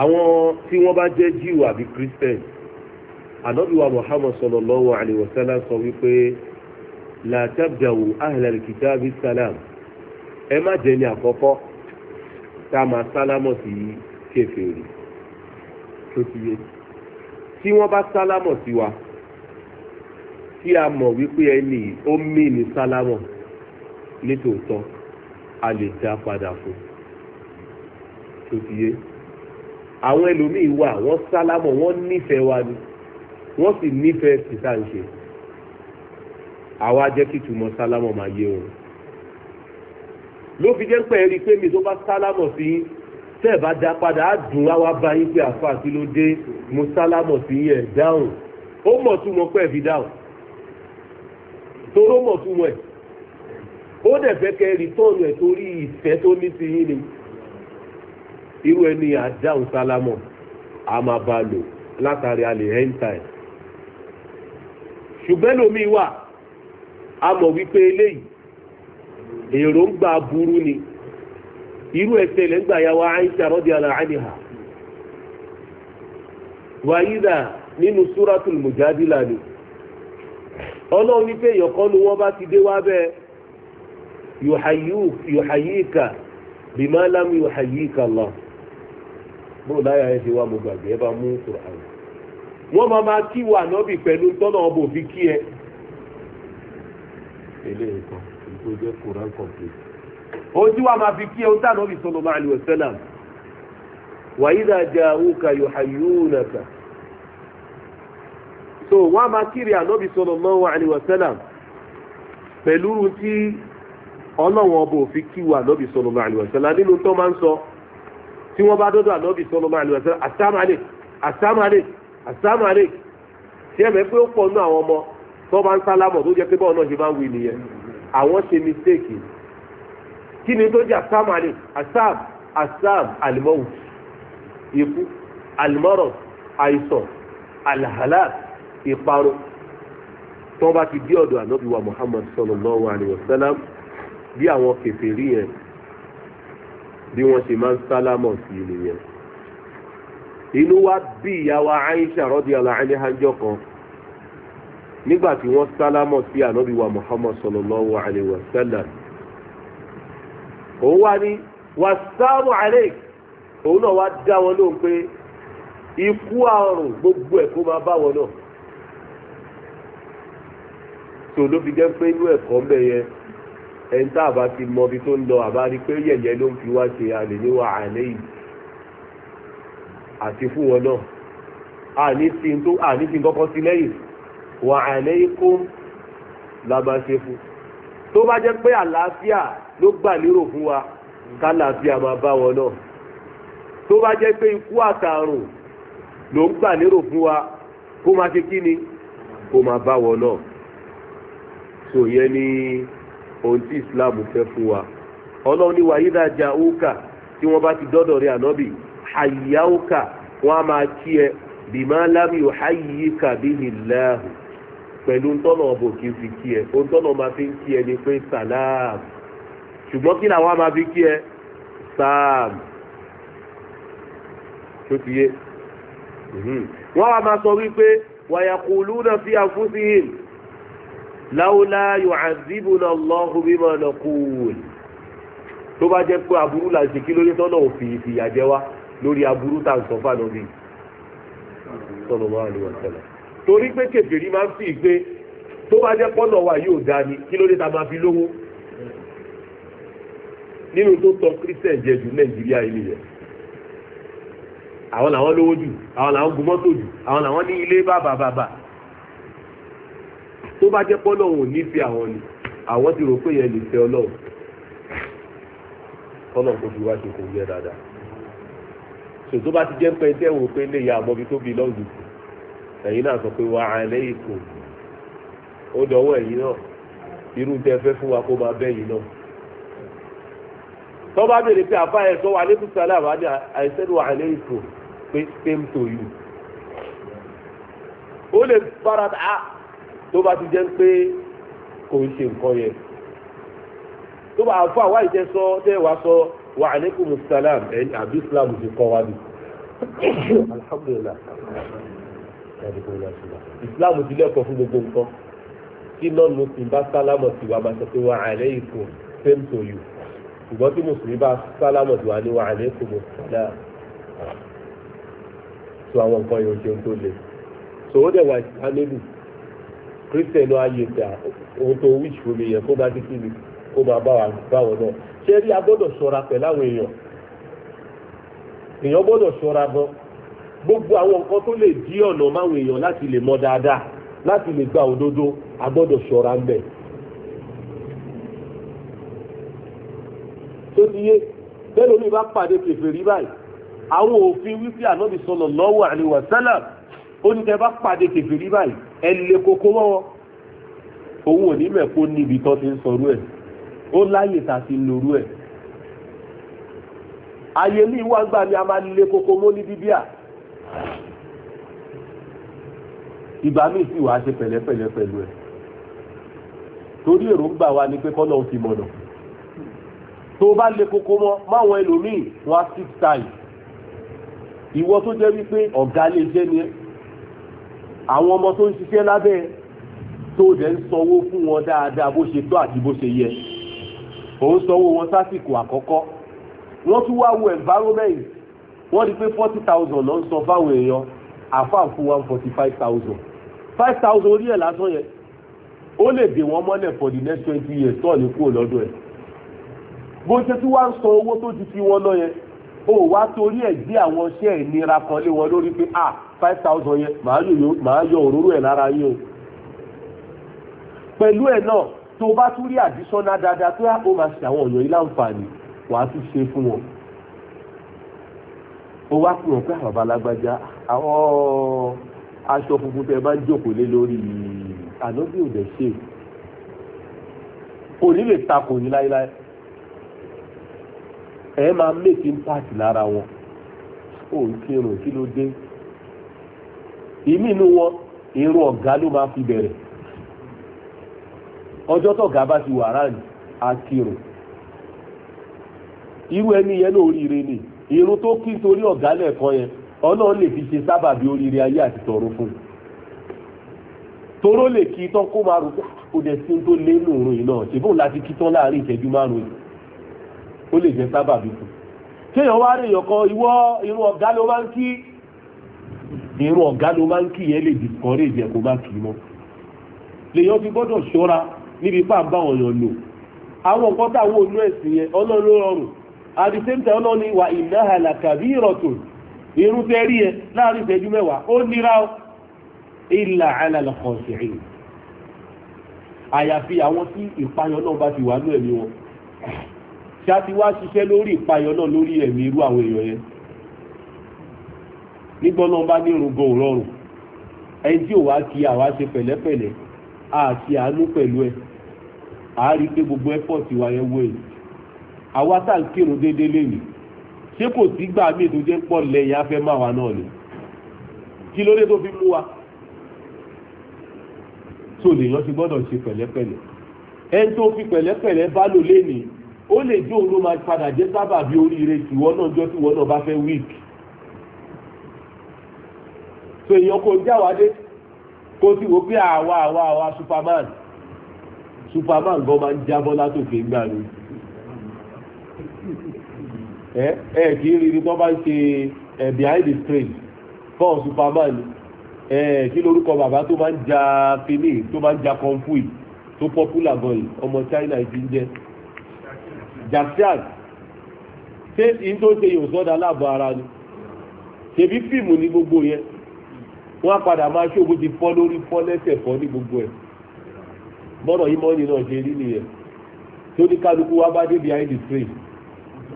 àwọn tí wọ́n bá jẹ́ jíù àbí christian ànábìwá muhammad sallallahu alayhi wa sallam sọ wípé la tabda'u ahlal kitabi salam ẹ má jẹ́ ní àkọ́kọ́ tá a máa sálámọ̀ sí kèfèrí tó ti yé tí wọ́n bá sálámọ̀ sí wa tí a mọ̀ wípé ẹni ó mí ní sálámọ̀ nítòótọ́ a lè dá padà fún un tó ti yé àwọn ẹlòmíì wà wọ́n sálámọ̀ wọ́n nífẹ̀ẹ́ wa ni wọ́n sì nífẹ̀ẹ́ tìta ń ṣe àwa jẹ́ kí túmọ̀ sálámọ̀ máa yé wọn ló fi jẹ́ pẹ́ rí i pé mi tó bá sálámọ̀ sí yín tẹ́ ẹ̀ bá dá padà á dùn á wá bá yín pé àfa kí ló dé mo sálámọ̀ sí yín ẹ̀ dáhùn ó mọ̀ túmọ̀ pẹ́ fi dáhùn toró mọ̀ túmọ̀ ẹ̀ ó dẹ̀ fẹ́ kẹ́ rí tọ́ọ̀nù ẹ̀ torí ìfẹ́ tó ní sí yín ni. irú ẹni àdáhùn sálámọ̀ a máa bá lò látàrí alẹ́ hentai ṣùgbọ́n lómi wà a mọ̀ wípé eléyìí èròǹgbà burú ni irú ẹsẹ̀ lẹ́gbà yàwó Aisha radiyallahu anha wàyídà nínú súratul mujadila ni ọlọ́run ní pé èèyàn ni wọ́n bá ti dé wá bẹ́ẹ̀ yuhayyika bima lam yuhayyika Allah bóò láyà ẹ ti wá mo gbàgbé ẹ bá mú wọn máa máa kí wà ànábì pẹ̀lú tọ́nà ọbọ̀ fi kí ẹ. eléyìí kan jẹ́ koran complete. ojú wa máa fi kí ẹ wa idha ja'uka so wọ́n máa kiri pẹ̀lú tí ọlọ́wọ́n kí nínú tó máa ń tí wọ́n bá dọ́dọ̀ ànábì sọ́lọ́ máa lọ ẹ̀sẹ̀ àsámàlè àsámàlè àsámàlè tí ẹ̀mẹ́ pé ó pọ̀ nú àwọn ọmọ tó bá ń sálámọ̀ tó jẹ́ pé bọ́ọ̀ náà ṣe máa ń wí nìyẹn àwọn ṣe mistake kí ni tó jẹ́ àsámàlè àsám àsám àlìmọ́wù ikú àlìmọ́rọ̀ àìsàn àlàhálà ìparun tó bá ti dé ọ̀dọ̀ ànábì wa Muhammad sallallahu alaihi wasallam bí àwọn kèfèrí yẹn bí wọ́n ṣe máa ń sálámọ̀ sí i nìyẹn. inú wa bí ìyàwó Aisha radiyallahu anha jọ kan nígbà tí wọ́n sálámọ̀ sí ànábì wa Muhammad sallallahu alayhi wa sallam. òun wá ní wassalamu alayk òun náà wá dá wọn lóhùn pé ikú àrùn gbogbo ẹ̀ kó máa bá wọn náà. tòun fi jẹ́ pé inú ẹ̀kọ́ ń bẹ̀ yẹn ẹni tá a bá ti mọ ibi tó ń lọ àbá rí pé yẹ̀yẹ́ ló ń fi wá ṣe àlè níwà àlẹ́ yìí àti fún wọn náà àní sí tó àní sí kọ́kọ́ sí lẹ́yìn wà àlẹ́ yìí kó la máa ṣe fún tó bá jẹ́ pé àlàáfíà ló gbà lérò fún wa kálàáfíà máa bá wọn náà tó bá jẹ́ pé ikú àtàrùn ló ń gbà lérò fún wa kó máa ṣe kí ni kó máa bá wọn náà so yẹn ohun tí islam fẹ́ fún wa ọlọ́run ní wàyídà jà ókà tí wọ́n bá ti dọ́dọ̀ rẹ ànábì àyíyá ókà wọ́n á máa kí ẹ bìmá lámì òháyìí kàbíyì láàhù pẹ̀lú ntọ́nà ọ̀bọ kì í fi kí ẹ ohun tọ́nà máa fi kí ẹ ni pé sàlám ṣùgbọ́n kí làwọn máa fi kí ẹ sàm tó ti yé mhm. wọ́n á máa sọ wípé wàyàkùlù náà fi àfúnṣe yìí láwùlá yóò àzíbù náà lọ́hùn bímọ náà kúùn tó bá jẹ́ pé aburú là ń ṣe kí lórí tọ́nà òfin ìfìyà jẹ wá lórí aburú tá à ń sọ fáànà bíi sọ̀rọ̀ wọn àlè wọn sẹ́lẹ̀ torí pé kèfèrí máa ń fi ìgbé tó bá jẹ́ pọ́nà wa yóò dá ni kí lórí ta máa fi lówó nínú tó tọ́ kírísítẹ̀ jẹ jù nàìjíríà ilé yẹn àwọn làwọn lówó jù àwọn làwọn gun mọ́tò jù àwọn làwọn ní ilé bàbà tó bá jẹ́ pọ́ lọ́hùn nífẹ̀ẹ́ àwọn ni àwọn ti rò pé yẹn lè fẹ́ ọlọ́run kọ́nà kó fi wá ṣe kò yẹ dáadáa ṣò tó bá ti jẹ́ pé tẹ́ wò pé lè ya àmọ́bi tó bi lọ́ọ̀dù kù ẹ̀yin náà sọ pé wà á lẹ́yìn kù ó dọwọ́ ẹ̀yin náà irú tẹ fẹ́ fún wa kó máa bẹ́yìn náà tọ́ bá béèrè pé àfa ẹ̀ sọ wà ní kùsàlẹ̀ àbájá àìsẹ́nu wà á lẹ́yìn kù pé same to you ó lè fara ah tó bá ti jẹ́ pé kò ń ṣe nǹkan yẹn tó bá fún àwa ìjẹ́ sọ tẹ́ wàá sọ wa aleykum salam ẹ̀ àbí islam ti kọ́ wa ni alhamdulilah islam ti lẹ́kọ̀ọ́ fún gbogbo nǹkan tí non muslim bá sálámọ̀ sí wa máa sọ pé wa aleykum same to you ṣùgbọ́n tí mùsùlùmí bá sálámọ̀ sí wa ní wa aleykum salam tó àwọn nǹkan yòókè tó le tòwó dẹ̀ wà ìsánélù kírísítẹ̀nù ayé gbà ohun tó wíṣ fún mi yẹn kó bá dé kíni kó máa bá wọn náà ṣé rí agbọ́dọ̀ ṣọ́ra pẹ̀lú àwọn èèyàn èèyàn gbọ́dọ̀ ṣọ́ra gan gbogbo àwọn nǹkan tó lè dí ọ̀nà máwọn èèyàn láti lè mọ dáadáa láti lè gba òdodo agbọ́dọ̀ ṣọ́ra ń bẹ̀. tó ti yé bẹ́ẹ̀ lómi bá pàdé kèfèrí báyìí àwọn òfin wípé ànábì sallallahu alaihi wasallam ó ní tẹ́ bá pàdé kèfèrí báyìí ẹ lè kókó mọ́wọ́ òun ò ní mẹ́kó níbi tó ti ń sọrú ẹ̀ ó láyè tá a ti ń lorú ẹ̀ ayé ní ìwà gbà ni a máa lè kókó mọ́ ní bíbíà ìgbà míì sì wàá ṣe pẹ̀lẹ́pẹ̀lẹ́ pẹ̀lú ẹ̀ torí èròǹgbà wa ni pé kọ́nà ti mọ̀nà tó bá lè kókó mọ́ máwọn ẹlòmíì wọn á six times ìwọ tó jẹ́ wípé ọ̀gá lè jẹ́ ni ẹ́ àwọn ọmọ tó ń ṣiṣẹ́ lábẹ́ tó dẹ̀ ń sanwó fún wọn dáadáa bó ṣe tó àti bó ṣe yẹ òun sanwó wọn sásìkò àkọ́kọ́ wọ́n tún wá wo environment wọ́n di pé forty thousand ló ń san fáwọn èèyàn àfáà fún one forty five thousand five thousand orí ẹ̀ lásán yẹn ó lè dè wọ́n mọ́lẹ̀ for the next twenty years tó ní kúrò lọ́dọ̀ ẹ̀ bó ṣe tí wàá ń san owó tó ju ti wọn lọ yẹn ó wá torí ẹ̀ gbé àwọn iṣẹ́ ìnira kan lé wọn lórí pé ah five thousand yẹn màá yọ òróró ẹ̀ lára yín o pẹ̀lú ẹ̀ náà tó o bá tún rí àdísọ́nà dáadáa pé ó máa ṣe àwọn ọ̀yàn yìí láǹfààní wàá tún ṣe fún wọn ó wá pè wọ́n pé àwọn ah, babalágbájá àwọn aṣọ funfun tẹ bá ń jókòó lé lórí ànábì òdẹ ṣe kò ní lè takò ní láéláé ẹ máa mẹ́kì ń pààtì lára wọn ó ń kírun kí ló dé ìmí inú wọn irun ọ̀gá ló máa fi bẹ̀rẹ̀ ọjọ́ tọ̀gá bá ti wà ráàlì akírun irú ẹni yẹn ló oríire ni irun tó kí torí ọ̀gá lẹ́ẹ̀kan yẹn ọlọ́run lè fi ṣe sábàbí oríire ayé àti tọrọ fún un toró lè kí tán kó máa rò ah, dẹ̀ sí tó lé nù láti kí tán láàrin ìṣẹ́jú márùn-ún kan ìwọ irun ọ̀gá ló máa ń irú ọ̀gá ló máa ń kì yẹn lè discourage ẹ̀ kó má kì í mọ́ lèyàn gbọ́dọ̀ ṣọ́ra níbi pàǹbá ọ̀yàn lò àwọn nǹkan táwọn olú ẹ̀sìn yẹn ọlọ́run ló rọrùn at the ọlọ́run ni wà ìnáhà ìrọ̀tò rí ẹ láàrin ìṣẹ́jú mẹ́wàá ó wọn ṣáà ti wá ṣiṣẹ́ lórí ìpayọ̀ náà lórí ẹ̀mí irú àwọn nígbà náà bá ní irun gan ẹni tí ò wá kí àwa ṣe pẹ̀lẹ́pẹ̀lẹ́ àti àánú pẹ̀lú ẹ̀ àárí pé gbogbo ẹ́fọ̀tì wa yẹn wọ̀ èyí àwa tá à ń kírun déédéé lèyí ṣé kò sí gbà mí tó jẹ́ pọ̀ lẹ́yìn afẹ́ máa wa náà ni kí ló dé tó fi mú wa tó lèèyàn ti gbọ́dọ̀ ṣe pẹ̀lẹ́pẹ̀lẹ́ ẹni tó fi pẹ̀lẹ́pẹ̀lẹ́ bá lò lénìí ó lè jó òun ló máa padà jẹ́ sábàbí oríire tìwọ́ náà jọ́ tìwọ́ náà bá fẹ́ wíìkì so èèyàn kò jáwádé kó sì wò pé àwa àwa àwa superman superman gan máa ń jábọ́ látòkè gbà mí ẹ ẹ kì í rí ni wọ́n bá ń ṣe ẹ behind the screen fọ́ọ̀ superman ẹ kí lórúkọ bàbá tó máa ń ja kínní tó máa ń ja kọ́ńfù tó popular gan yìí ọmọ China ti ń jẹ jaxian ṣé ìyí tó ṣe yòó sọ́dà láàbọ̀ ara ni ṣèbí fíìmù ní gbogbo yẹn wọ́n padà máa ṣògo ti fọ́ lórí fọ́ lẹ́sẹ̀ fọ́ ní gbogbo ẹ̀ bọ́rọ̀ yìí mọ́ni náà ṣe rí nìyẹn tó ní kálukú wa bá dé behind the screen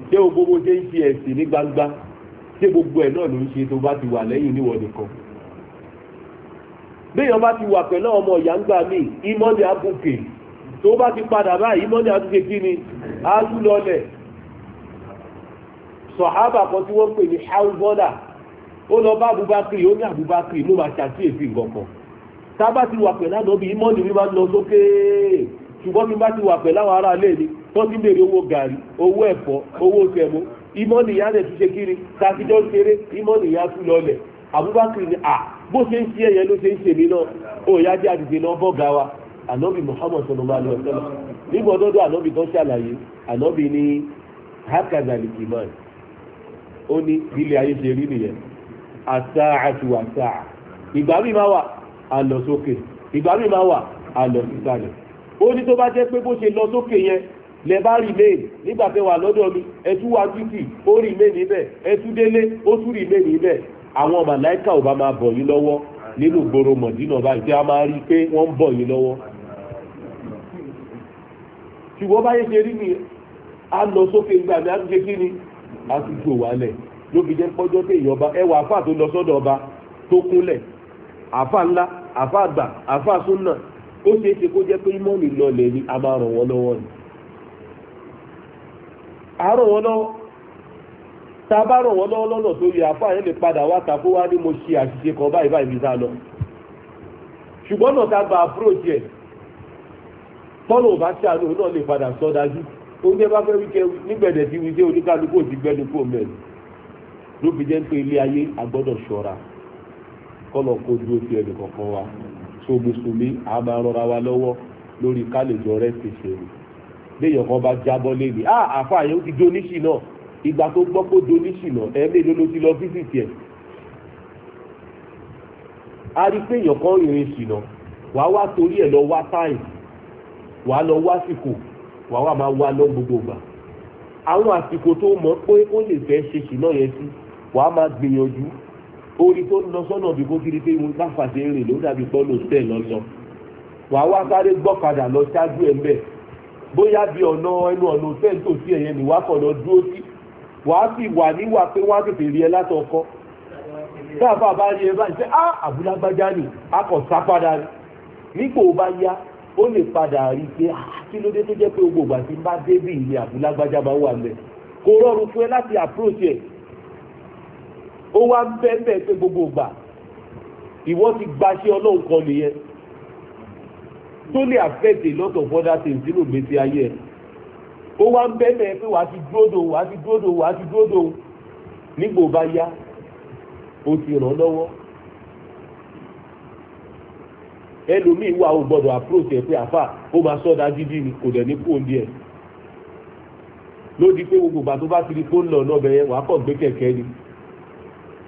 ṣé o gbogbo ṣe ń ṣe ẹ̀sìn ní gbangba ṣé gbogbo ẹ̀ náà ló ń ṣe tó bá ti wà lẹ́yìn níwọ̀n nìkan béèyàn bá ti wà pẹ̀lú ọmọ ìyá ń gbà àbùkè tó bá ti padà báyìí ìmọ̀ni àbùkè kí ni á lù lọlẹ̀ sọ̀hábà kan tí wọ́n pè ní haúbọ́dà ó lọ bá Abubakar ó ní Abubakar mo máa ṣàkíyèsí nǹkan kan tá a bá ti wà pẹ̀lú àdọ́bí ìmọ̀ọ́nì mi máa ń lọ sókè ṣùgbọ́n mi bá ti wà pẹ̀lú àwọn ará ilé mi tó ti béèrè owó gàrí owó ẹ̀fọ́ owó sẹ̀mó ìmọ̀ọ́nì ìyá rẹ̀ ti ṣe kiri ṣeré ìyá tún lọlẹ̀ ni à bó ṣe ń ṣe ló ṣe ń ṣe mí náà ó yá jẹ́ àdìsí náà wa ànábì nígbà ni ó ní ilé ayé àsáàtù àsáà ìgbà míì máa wà á lọ sókè ìgbà míì máa wà á lọ sísàlẹ̀ ó ní tó bá jẹ́ pé bó ṣe lọ sókè yẹn lẹ bá remain nígbà tẹ́ wà lọ́dọ̀ mi ẹtú wa títì ó remain níbẹ̀ ẹtú délé ó tún remain níbẹ̀ àwọn màláìka ò bá máa bọ̀ yín lọ́wọ́ nínú gbòòrò mọ̀dínà báyìí tí a máa rí pé wọ́n ń bọ̀ yín lọ́wọ́ ṣùgbọ́n báyé ṣe rí mi á lọ sókè ìgbà mi ṣe kí ni á ti jò wálẹ̀ ló fi jẹ́ pọ́jọ́ pé èèyàn ọba ẹwà àfà tó lọ sọ́dọ̀ ọba tó kúnlẹ̀ àfà ńlá àfà àgbà àfà súnà ó ṣe é ṣe kó jẹ́ pé lọlẹ̀ ni a máa ràn wọ́n lọ́wọ́ ni. a ràn wọ́n lọ́wọ́ tá a bá ràn wọ́n lọ́wọ́ padà wá ta kó mo ṣe àṣìṣe kan báyìí báyìí fi sá lọ ṣùgbọ́n náà ta gba àpúròjì ẹ̀ ò bá náà lè padà ló fi jẹ́ pé ilé ayé agbọ́dọ̀ ṣọ́ra kọ́lọ̀ kó dúró ti ẹnì kọ̀ọ̀kan wa so mùsùlùmí a máa rọra wa lọ́wọ́ lórí ká lè jọ rẹ́ ti ṣe ni léèyàn kan bá jábọ́ léèlì á ah, àfa àyẹ̀wò ti jó níṣì náà ìgbà tó gbọ́ pé jó níṣì náà ẹ̀ẹ́mẹ́lẹ́ ló ti lọ fíìsìtì ẹ̀ a rí pé èèyàn kan rìnrìn ṣìnà wàá wá torí ẹ̀ lọ wá táì wàá lọ wá sìkò wàá wá máa wá lọ gbogbo gbà àwọn àsìkò tó mọ̀ pé ó lè fẹ́ ṣe ṣìnà yẹn sí wàá máa gbìyànjú orí tó lọ sọ́nà bí kò kiri pé mo bá fàṣẹ rìn ló dàbí pọ́lò tẹ̀ lọ́lọ́ wàá wá sáré gbọ́kadà lọ ṣáájú ẹ̀ mbẹ́ bóyá bí ọ̀nà ẹnu ọ̀nà tẹ̀ tó sí ẹ̀yẹ ni wàá kọ̀nà dúró sí wàá sì wà níwà pé wọ́n á tètè rí ẹ látọkọ́ táàbà bá rí ẹ báyìí pé ah àbúlágbájá ni a kò sá padà ni nígbò bá yá ó lè padà rí pé kí ló dé tó jẹ́ pé gbogbo àti bá débì ilé àbúlágbájá bá wà mẹ́ kò rọrùn fún ẹ láti approach ẹ̀ ó wá bẹ́ẹ̀ pé gbogbo ìgbà ìwọ ti gbaṣẹ́ ọlọ́run kan nìyẹn tó lè affect a lot of other things nínú ìgbésí ayé ẹ̀ ó wá ń bẹ́ẹ̀ pé wàá ti dúró dòun wàá ti dúró dòun wàá ti dúró dòun nígbò bá yá o ti ràn lọ́wọ́ ẹlòmíín wà ó gbọ́dọ̀ approach ẹ̀ pé àfà ó máa sọ́dá dídí ni kò dẹ̀ ní kó ní ẹ̀ ló di pé gbogbo ìgbà tó bá ti di kó lọ lọ́bẹ̀ yẹn wàá kàn gbé kẹ̀kẹ́ ni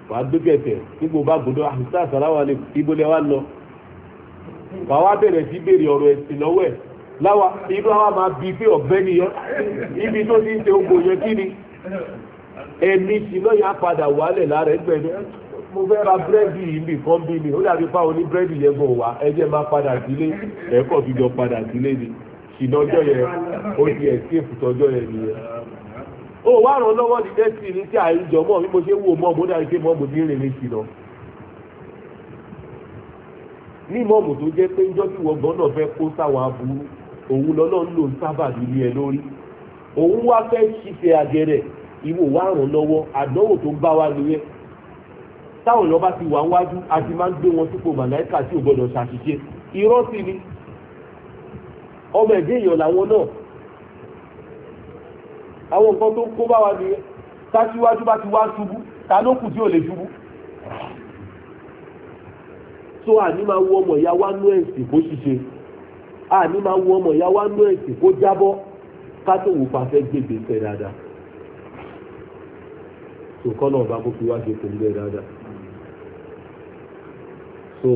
wàá dókẹ̀tẹ̀ nígbò bá gbọdọ̀ àfisà sàláwà lè ibo lẹ wá lọ wàá wá bẹ̀rẹ̀ sí béèrè ọ̀rọ̀ ẹ̀sìn lọ́wọ́ ẹ̀ láwa inú àwa máa bi pé ọ̀bẹ nìyẹn ibi tó ti ń ṣe ogbò yẹn kí ni ẹ̀mí sì lọ́yà padà wálẹ̀ lára ẹgbẹ́ ni mo fẹ́ ra búrẹ́dì yìí bì kán bí mi ó dàbí fáwọn ní búrẹ́dì yẹn bọ̀ wá ẹ jẹ́ máa padà sílé ẹ̀kọ́ fi jọ padà sílé ni ṣìnà ọjọ́ yẹn ó di escape tọjọ́ yẹn nìyẹn ó wá ràn lọ́wọ́ ní dẹ́sì ní tí àìjọ mọ́ bí mo ṣe wò mọ́ mo dárí pé mọ́mù ti ń rìn létí lọ. ní mọ́mù tó jẹ́ pé njọ́ bí wọ́n gbọ́dọ̀ fẹ́ kó sáwọn aburú òun lọ́lọ́ ń lò ń sábà nílé ẹ lórí òun wá fẹ́ ṣiṣẹ́ àgẹ̀rẹ̀ ìwò wá ràn lọ́wọ́ àdánwò tó ń bá wa nìyẹn táwọn lọ́ba ti wà wájú a ti máa ń gbé wọn sípò màláìkà tí ò gbọ́dọ̀ ṣàṣìṣe irọ́ sì ni ọmọ ẹ̀dẹ́ èèyàn làwọn náà àwọn nǹkan tó kó bá wa ní táṣíwájú bá ti wá ṣubú ta ló kù tí ò lè ṣubú tó àní máa wo ọmọ ìyá wa nú ẹ̀sìn kó ṣiṣẹ́ àní máa wo ọmọ ìyá wa nú ẹ̀sìn kó jábọ́ ká tó wò pa fẹ́ gbègbè fẹ́ dáadáa tó kọ́ náà bá kó fi wá ṣe kò ń bẹ́ dáadáa so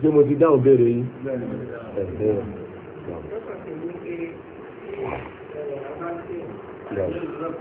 ṣé mo ti dáhùn béèrè yín. Yes.